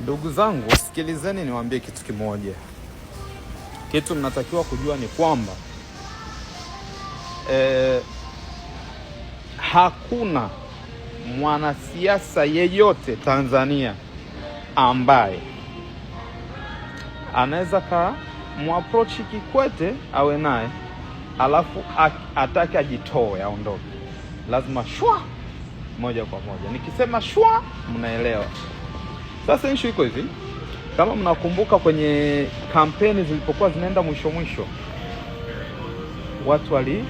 Ndugu zangu, sikilizeni niwaambie kitu kimoja. Kitu mnatakiwa kujua ni kwamba eh, hakuna mwanasiasa yeyote Tanzania ambaye anaweza ka mwaprochi Kikwete awe naye alafu atake ajitoe aondoke, lazima shwa moja kwa moja. Nikisema shwa, mnaelewa. Sasa issue iko hivi, kama mnakumbuka kwenye kampeni zilipokuwa zinaenda mwisho mwisho, watu wali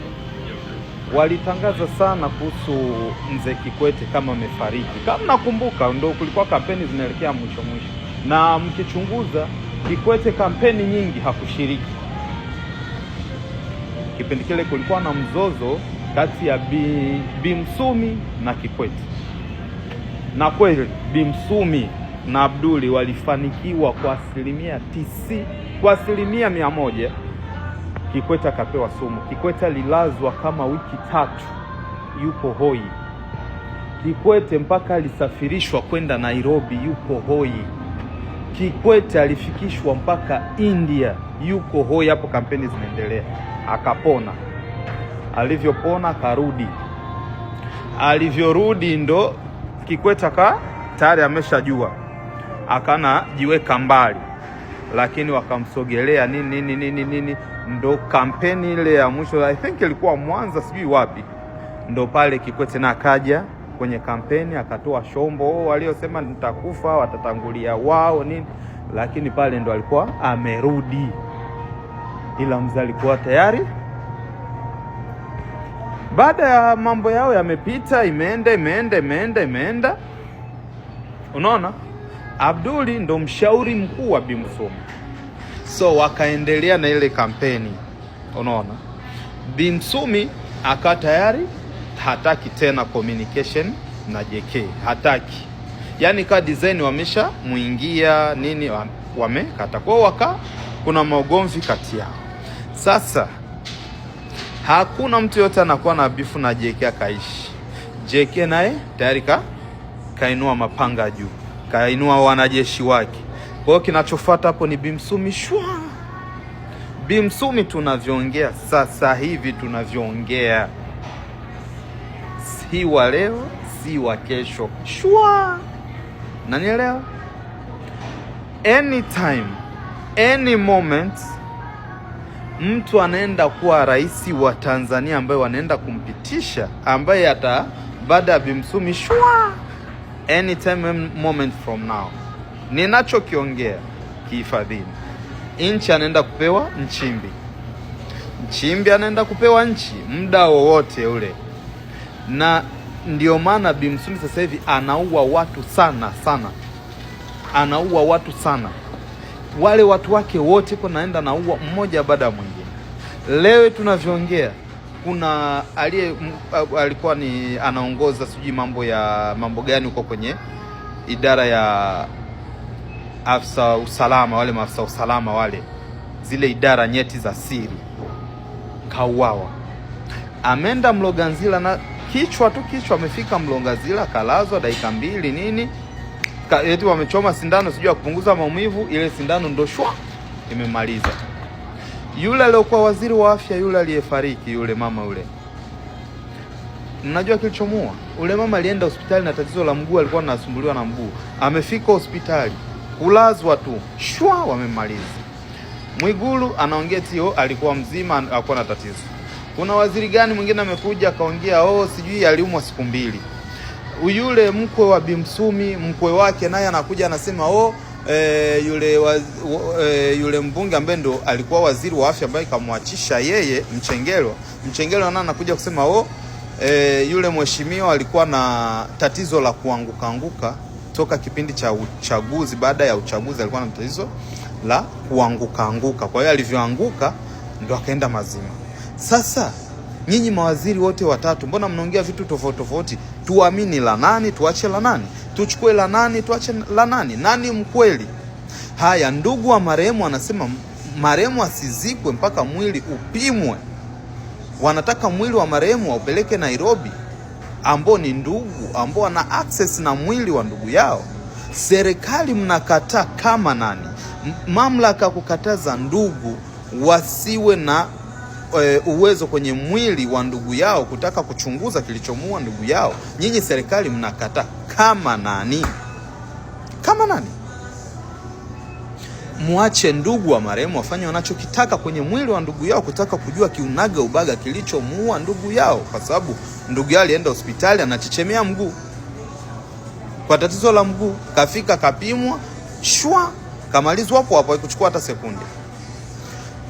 walitangaza sana kuhusu mzee Kikwete kama amefariki. Kama nakumbuka, ndio kulikuwa kampeni zinaelekea mwisho mwisho, na mkichunguza, Kikwete kampeni nyingi hakushiriki. Kipindi kile kulikuwa na mzozo kati ya Bi Msumi na Kikwete, na kweli Bi Msumi na Abduli walifanikiwa kwa asilimia tisi, kwa asilimia mia moja. Kikwete akapewa sumu. Kikwete alilazwa kama wiki tatu, yupo hoi. Kikwete mpaka alisafirishwa kwenda Nairobi, yupo hoi. Kikwete alifikishwa mpaka India, yuko hoi. Hapo kampeni zinaendelea, akapona. Alivyopona akarudi, alivyorudi ndo Kikwete ka tayari ameshajua akana jiweka mbali, lakini wakamsogelea nini nini nini nini, ndo kampeni ile ya mwisho, I think ilikuwa Mwanza, sijui wapi, ndo pale Kikwete na akaja kwenye kampeni akatoa shombo oh, waliosema nitakufa watatangulia wao nini, lakini pale ndo alikuwa amerudi, ila mzee alikuwa tayari. Baada ya mambo yao yamepita, imeenda imeenda imeenda imeenda, unaona. Abduli ndo mshauri mkuu wa Bi Msuma, so wakaendelea na ile kampeni. Unaona, Bi Msumi tayari hataki tena communication na JK, hataki yani, kaa design wamesha muingia nini, wamekata kwao, waka kuna maugomvi kati yao. Sasa hakuna mtu yote anakuwa na bifu na JK akaishi. JK naye tayari kainua mapanga juu kainua wanajeshi wake. Kwa hiyo kinachofuata hapo ni Bimsumi shwa. Bimsumi tunavyoongea sasa hivi, tunavyoongea si wa leo, si wa kesho shwa, nanielewa? Anytime, any moment mtu anaenda kuwa rais wa Tanzania ambaye wanaenda kumpitisha ambaye ata baada ya Bimsumi shwa any time um, moment from now. Ninachokiongea kihifadhini, nchi anaenda kupewa Nchimbi, Nchimbi anaenda kupewa nchi muda wowote ule, na ndio maana Bimsuli sasa hivi anaua watu sana sana, anaua watu sana wale watu wake wote ko naenda naua mmoja baada ya mwingine. Leo tunavyoongea kuna aliye alikuwa ni anaongoza sijui mambo ya mambo gani huko kwenye idara ya afisa usalama, wale maafisa usalama wale, zile idara nyeti za siri, kauawa. Ameenda Mloganzila na kichwa tu kichwa, amefika Mloganzila kalazwa dakika mbili nini, eti wamechoma sindano sijui ya kupunguza maumivu, ile sindano ndo shwa imemaliza yule aliyokuwa waziri wa afya, yule aliyefariki, yule mama yule, mnajua kilichomua ule mama? Alienda hospitali na tatizo la mguu, alikuwa anasumbuliwa na mguu. Amefika hospitali kulazwa tu, shwa wamemaliza. Mwigulu anaongea tio, oh, alikuwa mzima, hakuwa na tatizo. Kuna waziri gani mwingine amekuja akaongea, oh, sijui aliumwa siku mbili. Yule mkwe wa Bimsumi, mkwe wake naye anakuja anasema oh e, yule, w, e, eh, yule mbunge ambaye ndo alikuwa waziri wa afya ambaye ikamwachisha yeye Mchengerwa. Mchengerwa na anakuja kusema o oh, e, eh, yule mheshimiwa alikuwa na tatizo la kuanguka anguka toka kipindi cha uchaguzi. Baada ya uchaguzi alikuwa na tatizo la kuanguka anguka, kwa hiyo alivyoanguka ndo akaenda mazima sasa nyinyi mawaziri wote watatu, mbona mnaongea vitu tofauti tofauti? Tuamini la nani, tuache la nani, tuchukue la nani, tuache la nani, nani mkweli? Haya, ndugu wa marehemu anasema marehemu asizikwe mpaka mwili upimwe. Wanataka mwili wa marehemu waupeleke Nairobi, ambao ni ndugu ambao wana access na mwili wa ndugu yao. Serikali mnakataa kama nani? Mamlaka ya kukataza ndugu wasiwe na e, uwezo kwenye mwili wa ndugu yao kutaka kuchunguza kilichomua ndugu yao, nyinyi serikali mnakataa kama nani? Kama nani? Mwache ndugu wa marehemu wafanye wanachokitaka kwenye mwili wa ndugu yao, kutaka kujua kiunaga ubaga kilichomua ndugu yao, kwa sababu ndugu yao alienda hospitali anachechemea mguu kwa tatizo la mguu, kafika kapimwa, shwa kamalizwa hapo hapo, haikuchukua hata sekunde.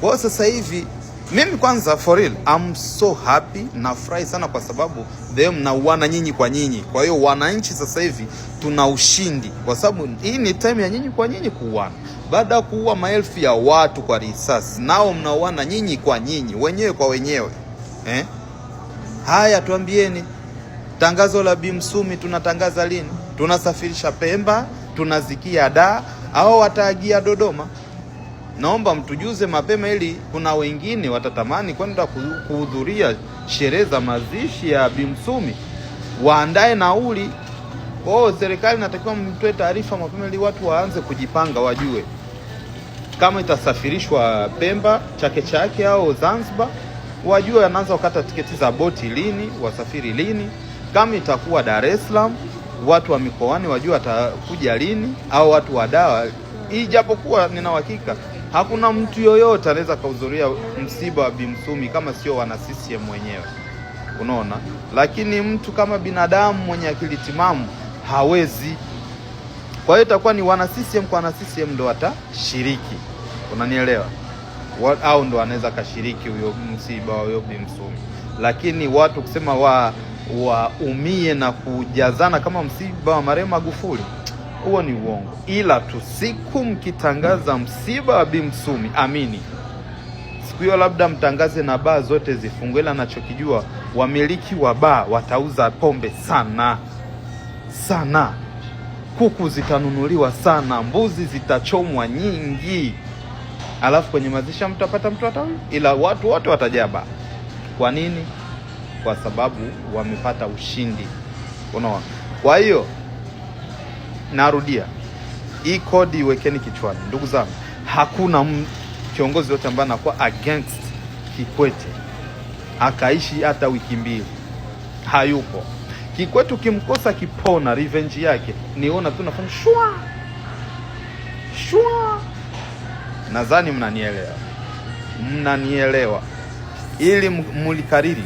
Kwa hiyo sasa hivi mimi kwanza for real I'm so happy na furahi sana kwa sababu they mnauana nyinyi kwa nyinyi. Kwa hiyo wananchi sasa hivi tuna ushindi, kwa sababu hii ni time ya nyinyi kwa nyinyi kuuana, baada ya kuua maelfu ya watu kwa risasi, nao mnauana nyinyi kwa nyinyi, wenyewe kwa wenyewe eh? Haya, tuambieni tangazo la Bimsumi, tunatangaza lini? Tunasafirisha Pemba, tunazikia da au wataagia Dodoma? naomba mtujuze mapema, ili kuna wengine watatamani kwenda kuhudhuria sherehe za mazishi ya Bimsumi waandae nauli. Kwa serikali natakiwa mtoe taarifa mapema, ili watu waanze kujipanga, wajue kama itasafirishwa Pemba Chake Chake au Zanzibar, wajue anaanza kukata tiketi za boti lini, wasafiri lini. Kama itakuwa Dar es Salaam, watu wa mikoani wajue watakuja lini, au watu wa dawa, ijapokuwa nina uhakika Hakuna mtu yoyote anaweza kuhudhuria msiba wa Bi Msumi kama sio wana CCM wenyewe, unaona. Lakini mtu kama binadamu mwenye akili timamu hawezi. Kwa hiyo itakuwa ni wana CCM kwa wana CCM ndo watashiriki, unanielewa? Au ndo anaweza kashiriki huyo msiba wa huyo Bi Msumi, lakini watu kusema wa waumie na kujazana kama msiba wa marehemu Magufuli huo ni uongo, ila tu siku mkitangaza msiba wa Bi Msumi, amini siku hiyo labda mtangaze na baa zote zifungwe, ila nachokijua wamiliki wa baa watauza pombe sana sana, kuku zitanunuliwa sana, mbuzi zitachomwa nyingi, alafu kwenye mazisha mtapata mtu hata ila watu wote watajaa Kwa nini? Kwa sababu wamepata ushindi. Unaona, kwa hiyo Narudia, hii kodi iwekeni kichwani, ndugu zangu, hakuna kiongozi yote ambaye anakuwa against Kikwete akaishi hata wiki mbili, hayupo Kikwete. Ukimkosa kipona revenge yake niona tu nafanya shwa shwa. Nadhani mnanielewa, mnanielewa ili mlikariri